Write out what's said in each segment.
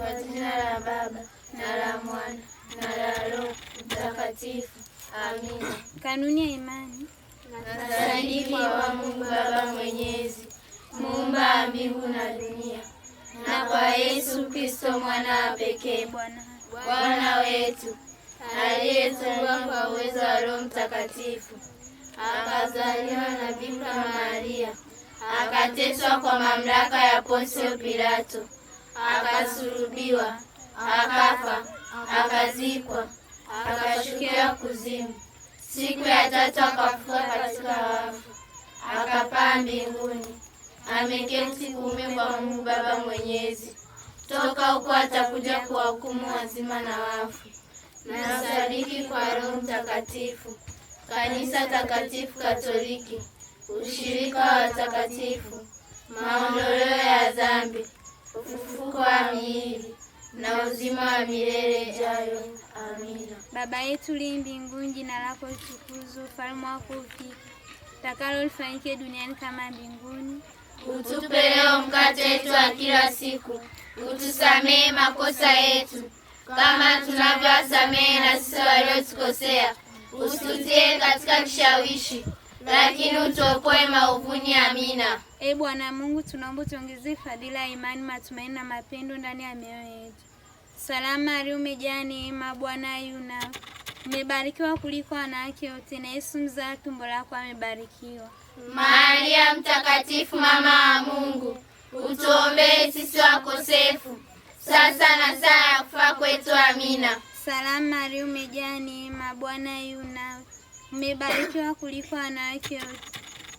Kwa jina la Baba na la Mwana na la Roho Mtakatifu, amina. Kanuni ya imani. Nasadiki kwa Mungu Baba Mwenyezi, muumba wa mbingu na dunia, na kwa Yesu Kristo mwana wa pekee Bwana wetu aliyetungwa kwa uwezo wa Roho Mtakatifu, akazaliwa na Bikira Maria, akateswa kwa mamlaka ya Pontio Pilato akasulubiwa, akafa, akazikwa, akashukia kuzimu, siku ya tatu akafufuka katika wafu, akapaa mbinguni, ameketi kuume kwa Mungu Baba Mwenyezi. Toka huko atakuja kuwahukumu wazima na wafu. Nasadiki kwa Roho Mtakatifu, kanisa takatifu Katoliki, ushirika wa watakatifu, maondoleo ya dhambi ufufuko wa miili na uzima wa milele ijayo. Amina. Baba yetu li mbinguni, jina lako litukuzwe, ufalme wako ufike, takalo lifanyike duniani kama mbinguni. Utupe leo mkate wetu wa kila siku, utusamehe makosa yetu kama tunavyowasamehe na sisi waliotukosea, usitutie katika kishawishi lakini utuopoe maovuni. Amina. Ee Bwana Mungu, tunaomba tuongezee fadhila ya imani, matumaini na mapendo ndani ya mioyo yetu. Salamu Maria, umejaa neema, Bwana yuna umebarikiwa kuliko wanawake wote, na Yesu mzaa tumbo lako amebarikiwa. Maria Mtakatifu, mama wa Mungu, utuombee sisi wakosefu, sasa na saa ya kufa kwetu. Amina. Salamu Maria, umejaa neema, Bwana yu umebarikiwa kuliko wanawake wote,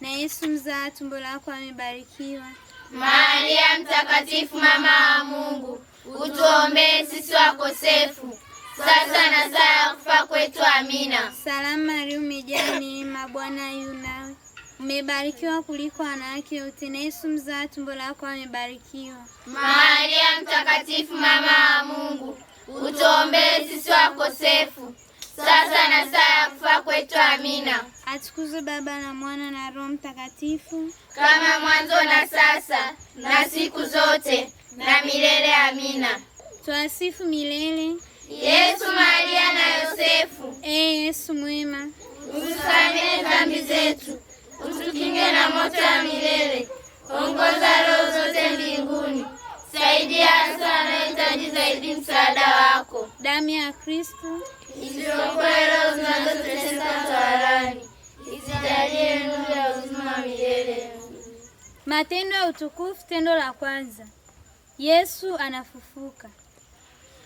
na Yesu mzaa tumbo lako amebarikiwa. Maria Mtakatifu, mama wa Mungu, utuombee sisi wakosefu, sasa na saa ya kufa kwetu. Amina. Salamu Maria, umejaa neema, Bwana yu nawe, umebarikiwa kuliko wanawake wote, na Yesu mzaa tumbo lako amebarikiwa. Maria Mtakatifu, mama wa Mungu, utuombee sisi wakosefu sasa na saa ya kufa kwetu. Amina. Atukuzwe Baba na Mwana na Roho Mtakatifu, kama mwanzo na sasa na siku zote na milele. Amina. Tuasifu milele Yesu, Maria na Yosefu. Ee Yesu mwema, utusamehe dhambi zetu, utukinge na moto ya milele, ongoza roho zote mbinguni saidia hasa anayohitaji zaidi msaada wako. Damu ya Kristo iziokoe roho zinazoteseka toharani, izijalie nuru ya uzima wa milele. Matendo ya utukufu, tendo la kwanza, Yesu anafufuka.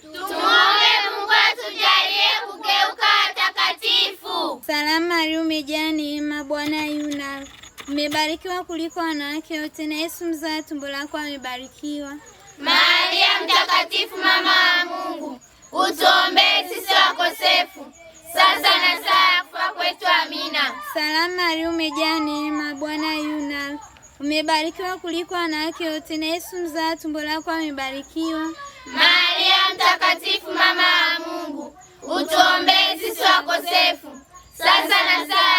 Tumwombe Mungu atujalie kugeuka watakatifu. Salamu Maria, umejaa neema, Bwana yu nawe Mebarikiwa kuliko wanawake wote na Yesu mzaa tumbo lako amebarikiwa. Maria mtakatifu mama wa Mungu, utuombee sisi wakosefu sasa na saa ya kufa kwetu. Amina. Salamu Maria, umejaa neema, Bwana yu nawe, umebarikiwa kuliko wanawake wote na Yesu mzaa tumbo lako amebarikiwa. Maria mtakatifu mama wa Mungu, utuombee sisi wakosefu sasa na saa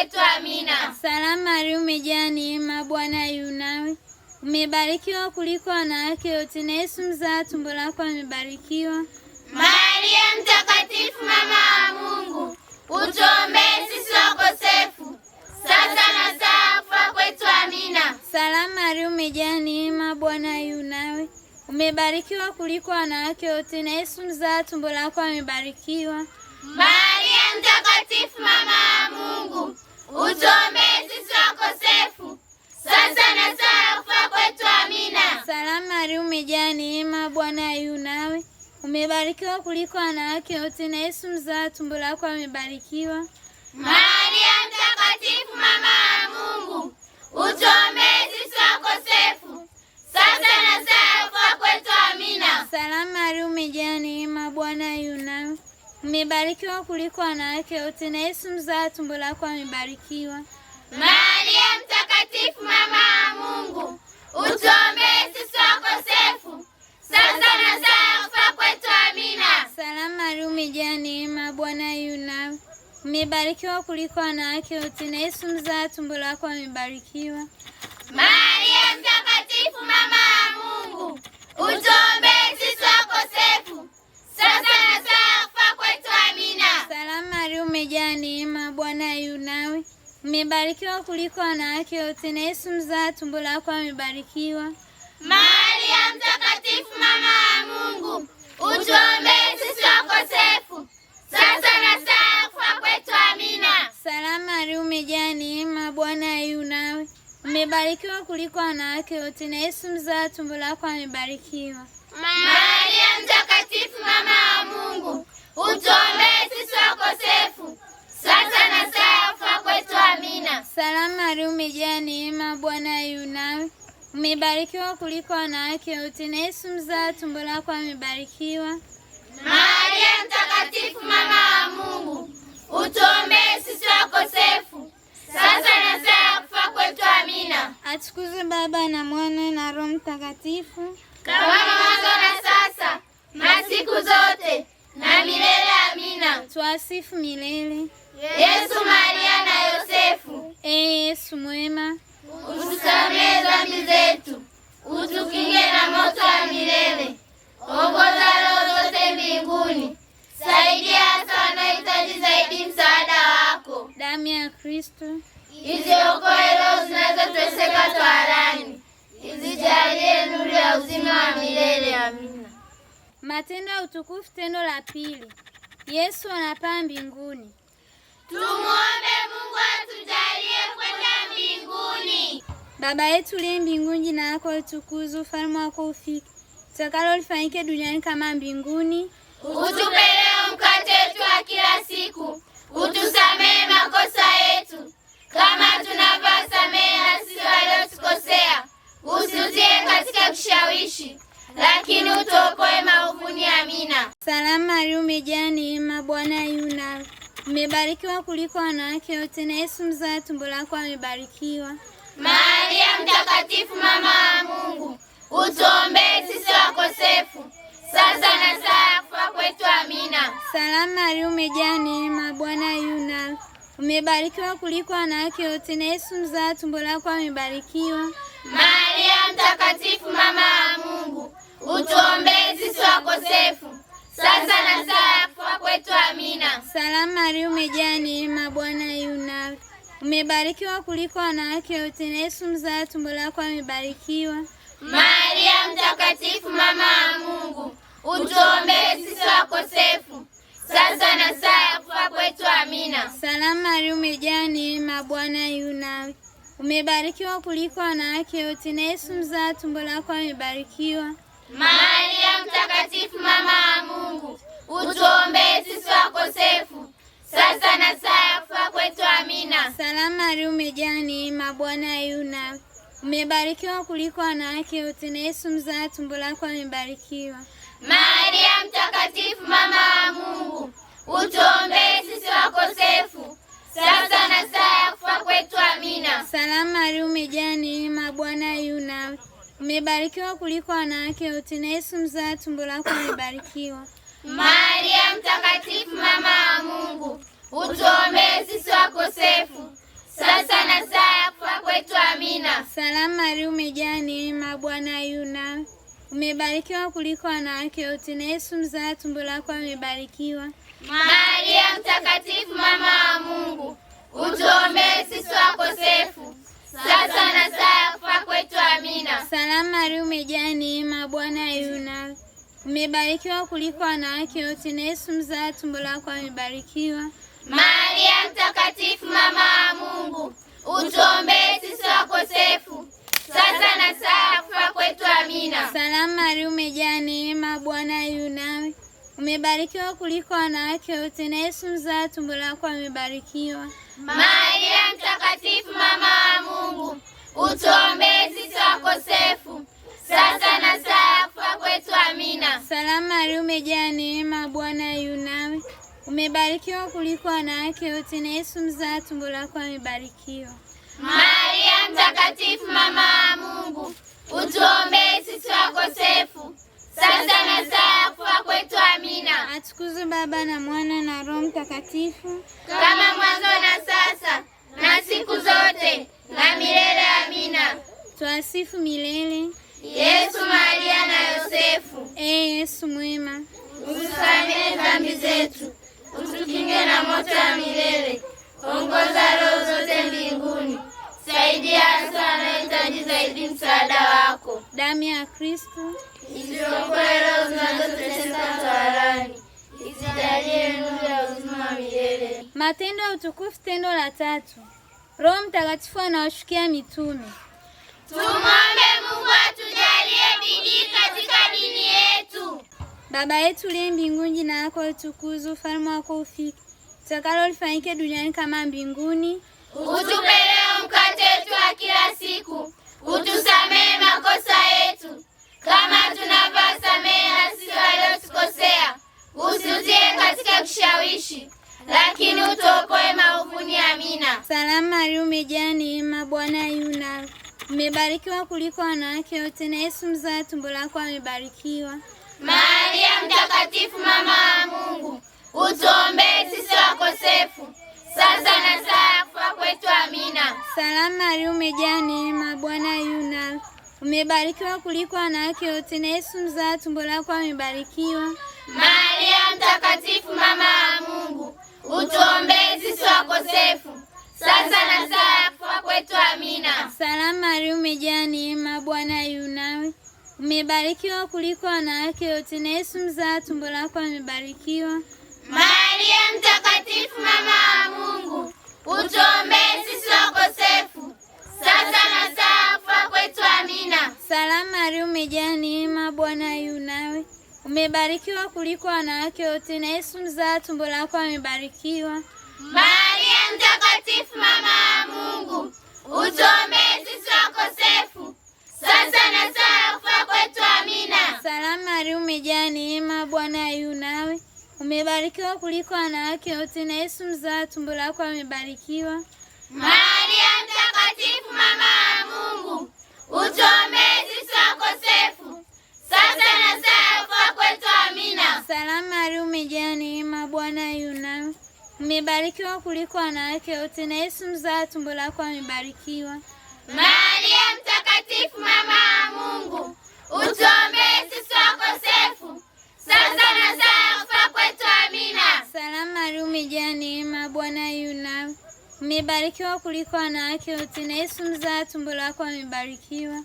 wetu. Amina. Salamu Maria, umejaa neema, Bwana yu nawe, umebarikiwa kuliko wanawake wote, na Yesu mzaa tumbo lako amebarikiwa. Maria Mtakatifu, mama wa Mungu, utuombee sisi wakosefu, sasa na saa kufa kwetu. Amina. Salamu Maria, umejaa neema, Bwana yu nawe, umebarikiwa kuliko wanawake wote, na Yesu mzaa tumbo lako amebarikiwa. Maria Mtakatifu, mama wa Mungu Utuombee sisi wakosefu sasa na saa ya kufa kwetu. Amina. Salamu Maria, umejaa neema, Bwana yu nawe, umebarikiwa kuliko wanawake wote, na Yesu mzaa tumbo lako amebarikiwa. Maria Mtakatifu, mama ya Mungu, utuombee sisi wakosefu sasa na saa ya kufa kwetu. Amina. Salamu Maria, umejaa neema, Bwana yu nawe Mmebarikiwa kuliko wanawake wote na Yesu mzaa tumbo lako amebarikiwa. Maria mtakatifu mama wa Mungu, utuombee sisi wakosefu, sasa na saa ya kufa kwetu. Amina. Salamu Maria, umejaa neema, Bwana yu nawe, mmebarikiwa kuliko wanawake wote na Yesu mzaa tumbo lako amebarikiwa. Maria mtakatifu mama wa Mungu Mmebarikiwa kuliko wanawake wote, na Yesu mzaa tumbo lako amebarikiwa. Maria Mtakatifu, mama ya Mungu, utuombee sisi wakosefu, sasa na saa ya kufa kwetu. Amina. Salama Maria, umejaa neema, Bwana yu nawe, umebarikiwa kuliko wanawake wote, na Yesu mzaa tumbo lako amebarikiwa. Maria Mtakatifu, mama ya Mungu, utuombee sisi wakosefu sasa na saa ya kufa kwetu. Amina. Salamu Maria, umejaa neema, Bwana yu nawe, umebarikiwa kuliko wanawake wote, na Yesu mzao tumbo lako amebarikiwa. Maria Mtakatifu, mama wa Mungu, utuombee sisi wakosefu, sasa na saa ya kufa kwetu. Amina. Atukuzwe Baba na Mwana na Roho Mtakatifu, kama mwanzo na sasa na siku zote na milele. Amina. Tuasifu milele. Yesu, Maria na Yosefu. Ee Yesu mwema, utusamehe dhambi zetu, utukinge na moto wa milele, ongoza roho zote mbinguni, saidia hasa wanaohitaji zaidi msaada wako. Damu ya Kristo, iziokoe roho zinazoteseka twarani, izijalie nuru ya uzima wa milele. Amina. Matendo ya Utukufu, tendo la pili. Yesu anapaa mbinguni. Tumwombe Mungu atujalie kwenda mbinguni. Baba yetu uliye mbinguni, jina lako litukuzwe, ufalme wako ufike, utakalo lifanyike duniani kama mbinguni. Utupe leo mkate wetu wa kila siku, utusamehe makosa yetu kama tunavyowasamehe na sisi waliotukosea, usitie katika kishawishi lakini utuokoe maovuni. Amina. Salamu Maria, umejaa neema, Bwana yu nawe Mmebarikiwa kuliko wanawake wote na Yesu mzaa tumbo lako amebarikiwa. Maria mtakatifu mama wa Mungu, utuombee sisi wakosefu, sasa na saa ya kufa kwetu. Amina. Salamu Maria, umejaa neema, Bwana yu nawe, umebarikiwa kuliko wanawake wote na Yesu mzaa tumbo lako amebarikiwa. Maria mtakatifu mama wa Mungu, utuombee sisi wakosefu sasa na saa kufa kwetu. Amina. Salamu Maria, umejaa neema, Bwana yu nawe, umebarikiwa kuliko wanawake wote, na Yesu mzaa tumbo lako amebarikiwa. Maria Mtakatifu, mama wa Mungu, utuombee sisi wakosefu, sasa na saa ya kufa kwetu. Amina. Salamu Maria, umejaa neema, Bwana yu nawe, umebarikiwa kuliko wanawake wote, na Yesu mzaa tumbo lako amebarikiwa. Maria Mtakatifu, mama wa Mungu, utuombee sisi wakosefu sasa na saa ya kufa kwetu. Amina. Salamu Maria, umejaa neema, Bwana yuna umebarikiwa kuliko wanawake wote, na Yesu mzaa tumbo lako amebarikiwa. Maria Mtakatifu, mama wa Mungu, utuombee sisi wakosefu sasa na saa ya kufa kwetu. Amina. Salamu Maria, umejaa neema, Bwana yuna Umebarikiwa kuliko wanawake wote na Yesu mzaa tumbo lako umebarikiwa. Maria mtakatifu mama wa Mungu, utuombee sisi wakosefu, sasa na saa ya kufa kwetu. Amina. Salamu Maria, umejaa neema, Bwana yu nawe, umebarikiwa kuliko wanawake wote na Yesu mzaa tumbo lako amebarikiwa. Maria mtakatifu mama wa Mungu, utuombee sisi wakosefu sasa na saa kufa kwetu. Amina. Salamu Maria, umejaa neema, Bwana yu nawe, umebarikiwa kuliko wanawake wote, na Yesu mzaa tumbo lako amebarikiwa. Maria Mtakatifu, mama wa Mungu, utuombee sisi wakosefu, sasa na saa kufa kwetu. Amina. Salamu Maria, umejaa neema, Bwana yu nawe Umebarikiwa kuliko wanawake wote na Yesu mzaa tumbo lako amebarikiwa. Maria mtakatifu mama wa Mungu, utuombee sisi wakosefu sasa na saa ya kufa kwetu. Amina. Salamu Maria, umejaa neema, Bwana yu nawe, umebarikiwa kuliko wanawake wote na Yesu mzaa tumbo lako amebarikiwa. Maria mtakatifu mama wa Mungu, utuombee sisi wakosefu sasa na saa ya kufa kwetu. Amina. Atukuzwe Baba na Mwana na Roho Mtakatifu, kama mwanzo na sasa na siku zote na milele. Amina. Tuasifu milele Yesu, Maria na Yosefu. Ee Yesu mwema, usamehe dhambi zetu, utukinge na moto ya milele, ongoza roho zote mbinguni saidia, hasa anahitaji zaidi msaada wako. Damu ya Kristo isiyokoe roho zinazoteseka toharani, isijalie nuru ya uzima milele. Matendo ya Utukufu, tendo la tatu. Roho Mtakatifu anawashukia mitume. Tumwombe Mungu atujalie bidii katika dini yetu. Baba yetu uliye mbinguni, jina lako litukuzwe, ufalme wako ufike, utakalo lifanyike duniani kama mbinguni. Utupe leo mkate wetu wa kila siku, utusamehe makosa yetu kama tunavyowasamehe na sisi waliotukosea, usitutie katika kishawishi, lakini utuokoe maovuni. Amina. Salamu Maria, umejaa neema, Bwana yu nawe, umebarikiwa kuliko wanawake wote, na Yesu mzaa tumbo lako amebarikiwa. Maria Mtakatifu, mama wa Mungu, utuombee sisi wakosefu sasa na saa ya kufa kwetu. Amina. Salamu Maria, umejaa neema, Bwana yu nawe, umebarikiwa kuliko wanawake wote, na Yesu mzaa tumbo lako amebarikiwa. Maria Mtakatifu, mama wa Mungu, utuombee sisi wakosefu, sasa na saa ya kufa kwetu. Amina. Salamu Maria, umejaa neema, Bwana yu nawe umebarikiwa kuliko wanawake wote, na Yesu mzaa tumbo lako amebarikiwa. Maria Mtakatifu, mama wa Mungu, utuombee sisi wakosefu, sasa na saa kufa kwetu. Amina. Salamu Maria, umejaa neema, Bwana yu nawe, umebarikiwa kuliko wanawake wote, na Yesu mzaa tumbo lako amebarikiwa. Maria Mtakatifu, mama wa Mungu, utuombee sisi wakosefu, sasa na saa kufa kwetu. Amina. Salamu Maria, umejaa neema, Bwana yu nawe Umebarikiwa kuliko wanawake wote na Yesu mzaa tumbo lako amebarikiwa. Maria mtakatifu mama ya Mungu, utuombee sisi wakosefu, sasa na saa ya kufa kwetu. Amina. Salamu Maria, umejaa neema, Bwana yu nawe, umebarikiwa kuliko wanawake wote na Yesu mzaa tumbo lako amebarikiwa. Maria mtakatifu mama ya Mungu, utuombee sisi wakosefu sasa na saa kufa kwetu. Amina. Salamu Maria umejaa neema, Bwana yu nawe, umebarikiwa kuliko wanawake wote, na Yesu mzaa tumbo lako amebarikiwa.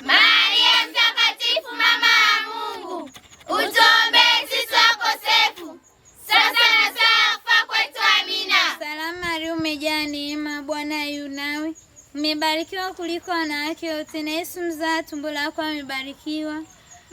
Maria Mtakatifu, mama ya Mungu, utuombee sisi wakosefu, sasa na saa ya kufa kwetu. Amina. Salamu Maria umejaa neema, Bwana yu nawe, umebarikiwa kuliko wanawake wote, na Yesu mzaa tumbo lako amebarikiwa.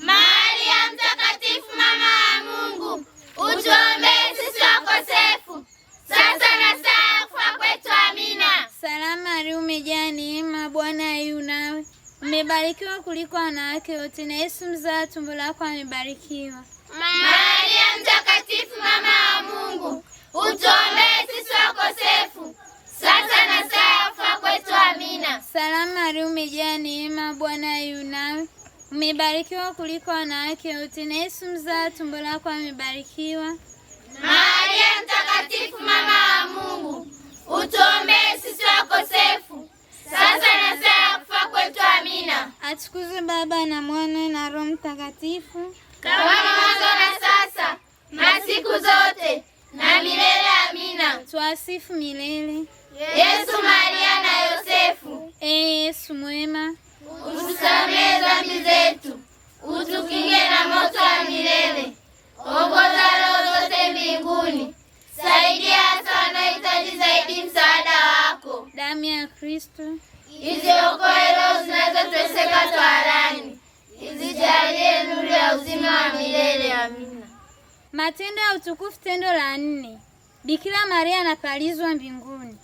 Maria Mtakatifu, mama wa Mungu, utuombee sisi wakosefu sasa na saa ya kufa kwetu. Amina. Salamu Maria, umejaa neema, Bwana yu nawe, umebarikiwa kuliko wanawake wote, na Yesu mzao wa tumbo lako amebarikiwa. Maria Mtakatifu, mama wa Mungu, utuombee sisi wakosefu sasa na saa ya kufa kwetu. Amina. Salamu Maria, umejaa neema, Bwana yu nawe Umebarikiwa kuliko wanawake wote na Yesu mzaa tumbo lako amebarikiwa. Maria Mtakatifu, mama wa Mungu, utuombee sisi wakosefu sasa na saa ya kufa kwetu. Amina. Atukuzwe Baba na Mwana na Roho Mtakatifu, kama mwanzo na sasa na siku zote na milele. Amina. Tuasifu milele Yesu, Maria na Yosefu. Ee Yesu mwema utusamehe dhambi zetu, utukinge na moto wa milele. Ongoza roho zote mbinguni, saidia hasa wanaohitaji zaidi msaada wako. Damu ya Kristo iziokoe roho zinazoteseka twarani izijalie nuru ya uzima wa milele. Amina. Matendo ya Utukufu, tendo la nne. Bikira Maria anapalizwa mbinguni.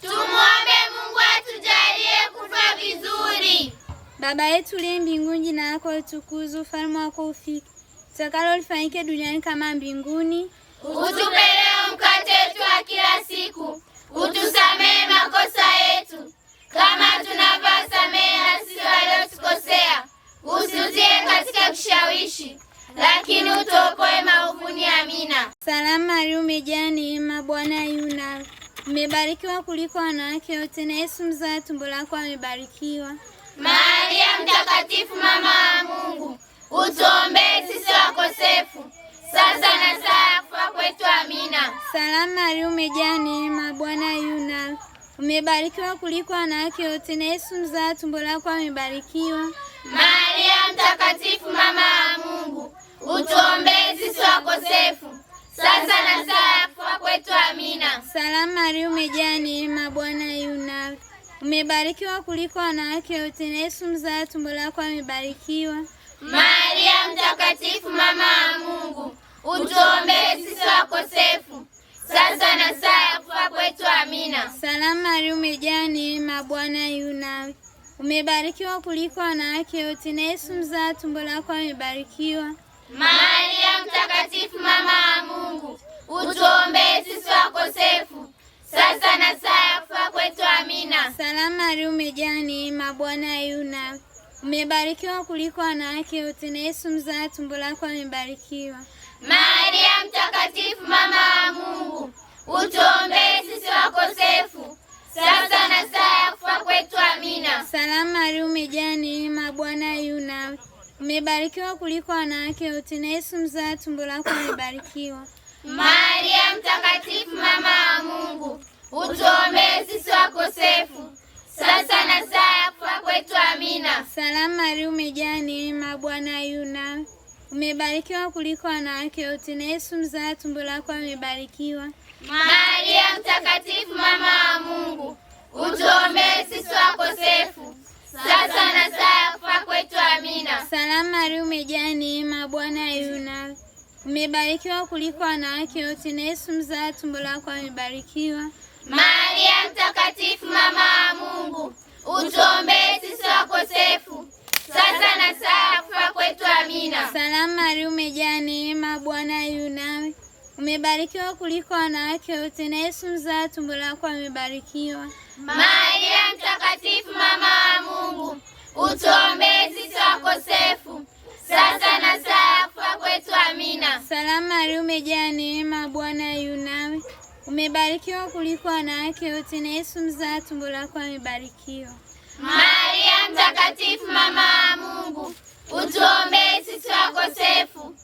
Tumwombe Mungu atujalie kufa vizuri. Baba yetu uliye mbinguni, jina lako litukuzwe, ufalme wako ufike, utakalo lifanyike duniani kama mbinguni. Utupe leo mkate wetu wa kila siku, utusamehe makosa yetu kama tunavyowasamehe na sisi waliotukosea, usitie katika kishawishi lakini utuokoe maovuni. Amina. Salamu Maria, umejaa neema, Bwana yu nawe Mmebarikiwa kuliko wanawake wote na Yesu mzaa tumbo lako amebarikiwa. Maria mtakatifu mama wa Mungu, utuombee sisi wakosefu, sasa na saa ya kufa kwetu. Amina. Salamu Maria, umejaa neema, Bwana yu nawe, umebarikiwa kuliko wanawake wote na Yesu mzaa tumbo lako amebarikiwa. Maria mtakatifu mama wa Mungu, utuombee sisi wakosefu sasa na saa ya kufa kwetu. Amina. Salamu Maria, umejaa neema, Bwana yu nawe, umebarikiwa kuliko wanawake wote, na Yesu mzaa tumbo lako amebarikiwa. Maria Mtakatifu, mama wa Mungu, utuombee sisi wakosefu, sasa na saa ya kufa kwetu. Amina. Salamu Maria, umejaa neema, Bwana yu nawe, umebarikiwa kuliko wanawake wote, na Yesu mzaa tumbo lako amebarikiwa. Maria Mtakatifu, mama wa Mungu, utuombee sisi wakosefu sasa na saa ya kufa kwetu. Amina. Salamu Maria, umejaa neema, Bwana yu nawe, umebarikiwa kuliko wanawake wote, na Yesu mzaa tumbo lako amebarikiwa. Maria Mtakatifu, mama wa Mungu, utuombee sisi wakosefu sasa na saa ya kufa kwetu. Amina. Salamu Maria, umejaa neema, Bwana yu nawe Umebarikiwa kuliko wanawake wote na Yesu mzaa tumbo lako umebarikiwa. Maria mtakatifu mama wa Mungu, utuombee sisi wakosefu, sasa na saa ya kufa kwetu. Amina. Salamu Maria, umejaa neema, Bwana yu nawe, umebarikiwa kuliko wanawake wote na Yesu mzaa tumbo lako umebarikiwa. Maria mtakatifu mama wa Mungu, utuombee sisi wakosefu sasa na saa ya kufa kwetu. Amina. Salamu Maria, umejaa neema, Bwana yuna nawe, umebarikiwa kuliko wanawake wote, na Yesu mzaa tumbo lako amebarikiwa. Maria Mtakatifu, mama wa Mungu, utuombee sisi wakosefu, sasa na saa ya kufa kwetu. Amina. Salamu Maria, umejaa neema, Bwana yu nawe umebarikiwa kuliko wanawake wote, na Yesu mzaa tumbo lako amebarikiwa. Maria mtakatifu mama wa Mungu, utuombee sisi wakosefu sasa na saa ya kufa kwetu. Amina. Salamu Maria, umejaa neema, Bwana yu nawe, umebarikiwa kuliko wanawake wote, na Yesu mzaa tumbo lako amebarikiwa. Maria mtakatifu mama wa Mungu, utuombee sisi wakosefu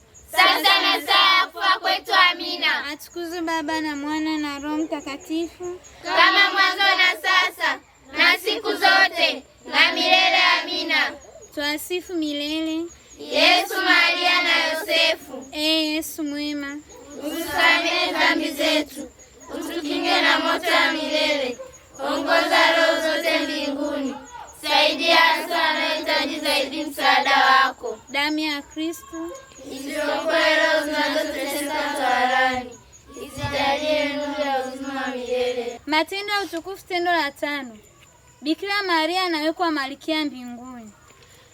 sasa na saa ya kufa kwetu. Amina. Atukuzwe Baba na Mwana na Roho Mtakatifu, kama mwanzo na sasa na siku zote na milele. Amina. Tuasifu milele Yesu, Maria na Yosefu. Ee Yesu mwema, utusamehe dhambi zetu, utukinge na moto ya milele, ongoza roho zote mbinguni saidia hasa anayehitaji zaidi msaada wako. Damu ya Kristo iziokoe roho zinazoteseka toharani, nuru ya uzima wa milele. Matendo ya utukufu, tendo la tano. Bikira Maria anawekwa malikia mbinguni.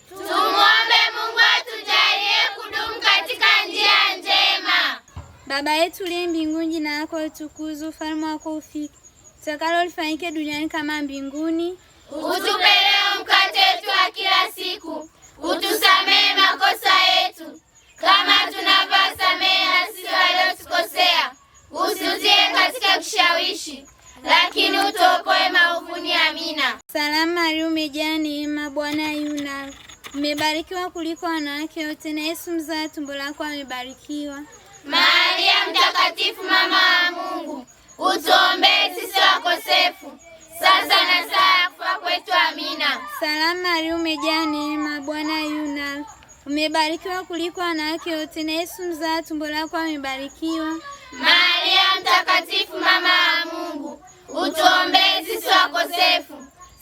Tumwombe Mungu atujalie kudumu katika njia njema. Baba yetu uliye mbinguni, jina lako litukuzwe, ufalme wako ufike, utakalo lifanyike duniani kama mbinguni Utupe leo mkate wetu wa kila siku, utusamehe makosa yetu kama tunavyowasamehe na sisi waliotukosea, usiutie katika kishawishi, lakini utuokoe maovuni. Amina. Salamu Maria, umejaa neema, Bwana yu nawe, umebarikiwa kuliko wanawake wote, na Yesu mzaa tumbo lako amebarikiwa. Maria mtakatifu, mama wa Mungu, utuombee sisi wakosefu sasa na saa ya kufa kwetu. Amina. Salamu Maria, umejaa neema, Bwana yu nawe, umebarikiwa kuliko wanawake wote, na Yesu mzaa tumbo lako amebarikiwa. Maria Mtakatifu, mama wa Mungu, utuombee sisi wakosefu,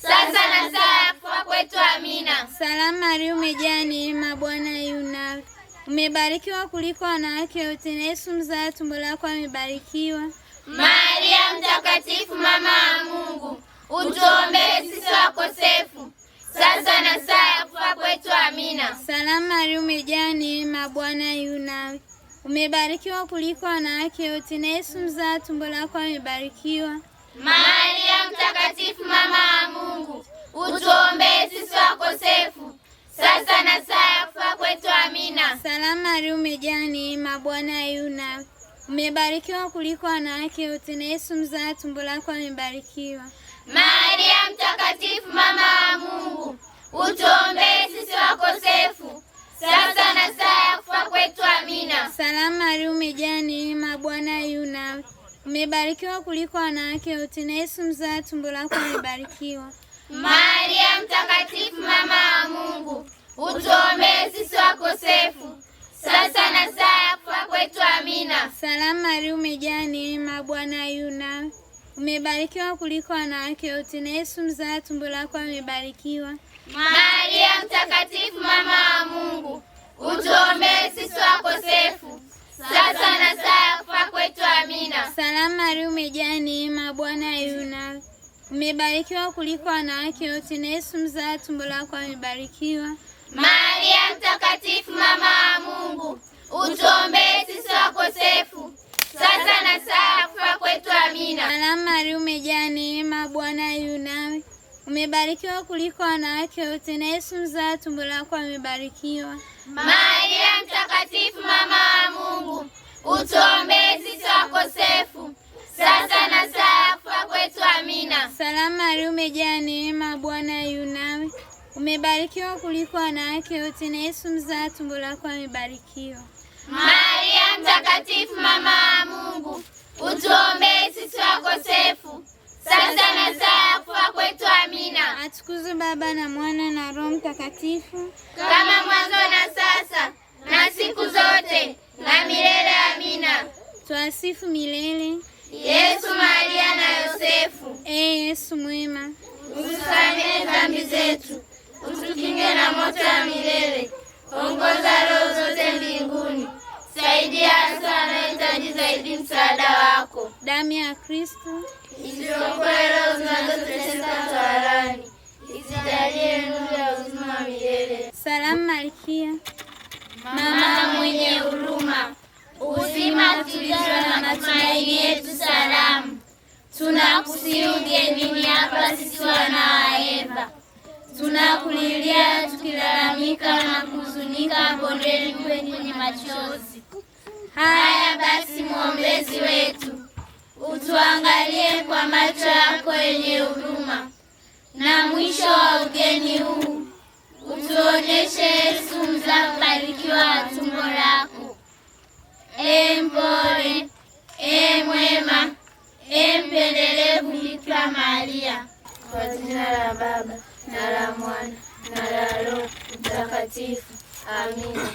sasa na saa ya kufa kwetu. Amina. Salamu Maria, umejaa neema, Bwana yu nawe, umebarikiwa kuliko wanawake wote, na Yesu mzaa tumbo lako amebarikiwa. Maria mtakatifu, mama wa Mungu, utuombee sisi wakosefu, sasa na saa ya kufa kwetu. Amina. Salamu Maria, umejaa neema, Bwana yu nawe, umebarikiwa kuliko wanawake wote, na Yesu mzaa tumbo lako amebarikiwa. Maria mtakatifu, mama wa Mungu, utuombee sisi wakosefu, sasa na saa ya kufa kwetu. Amina. Salamu Maria, umejaa neema, Bwana yu nawe Mmebarikiwa kuliko wanawake wote, na Yesu mzaa tumbo lako amebarikiwa. Maria Mtakatifu, mama wa Mungu, utuombee sisi wakosefu, sasa na saa ya kufa kwetu. Amina. Salamu Maria, umejaa neema, Bwana yu nawe, umebarikiwa kuliko wanawake wote, na Yesu mzaa tumbo lako amebarikiwa. Maria Mtakatifu, mama wa Mungu, utuombee sisi wakosefu sasa na saa ya kufa kwetu. Amina. Salamu Maria, umejaa neema, Bwana yu umebarikiwa kuliko wanawake wote, na Yesu mzaa tumbo lako amebarikiwa. Maria Mtakatifu, mama wa Mungu, utuombee sisi wakosefu, sasa na saa ya kufa kwetu. Amina. Salamu Maria, umejaa neema, Bwana yu umebarikiwa kuliko wanawake wote, na Yesu mzaa tumbo lako amebarikiwa. Maria mtakatifu mama wa Mungu, utuombee sisi wakosefu sasa na saa ya kufa kwetu. Amina. Salamu Maria, umejaa neema, Bwana yu nawe, umebarikiwa kuliko wanawake wote, na Yesu mzao tumbo lako amebarikiwa. Maria mtakatifu mama wa Mungu, utuombee sisi wakosefu sasa na saa ya kufa kwetu. Amina. Salamu Maria, umejaa neema, Bwana yu nawe Umebarikiwa kuliko wanawake wote na Yesu mzaa tumbo lako amebarikiwa. Maria mtakatifu mama wa Mungu, utuombee sisi wakosefu sasa na saa ya kufa kwetu. Amina. Atukuzwe Baba na Mwana na Roho Mtakatifu, kama mwanzo na sasa na siku zote na milele. Amina. Twasifu milele Yesu, Maria na Yosefu. Ee Yesu mwema, usamehe dhambi zetu tukinge na moto ya milele. Ongoza roho zote mbinguni, saidia hasa anayehitaji zaidi msaada wako. Damu ya Kristo iziokoe roho zinazoteseka toharani, izijalie nuru ya uzima wa milele. Salamu Malkia, mama mwenye huruma, uzima tulizo na matumaini yetu, salamu tunakusihi ugenini hapa sisi wana wa Eva tunakulilia tukilalamika na kuhuzunika bondeni kwenye machozi. Haya basi, mwombezi wetu, utuangalie kwa macho yako yenye huruma, na mwisho wa ugeni huu utuoneshe Yesu mzao barikiwa wa tumbo lako. E mpole, e mwema, e mpendelevu Bikira Maria, kwa jina la Baba na la Mwana na la Roho Mtakatifu. Amina.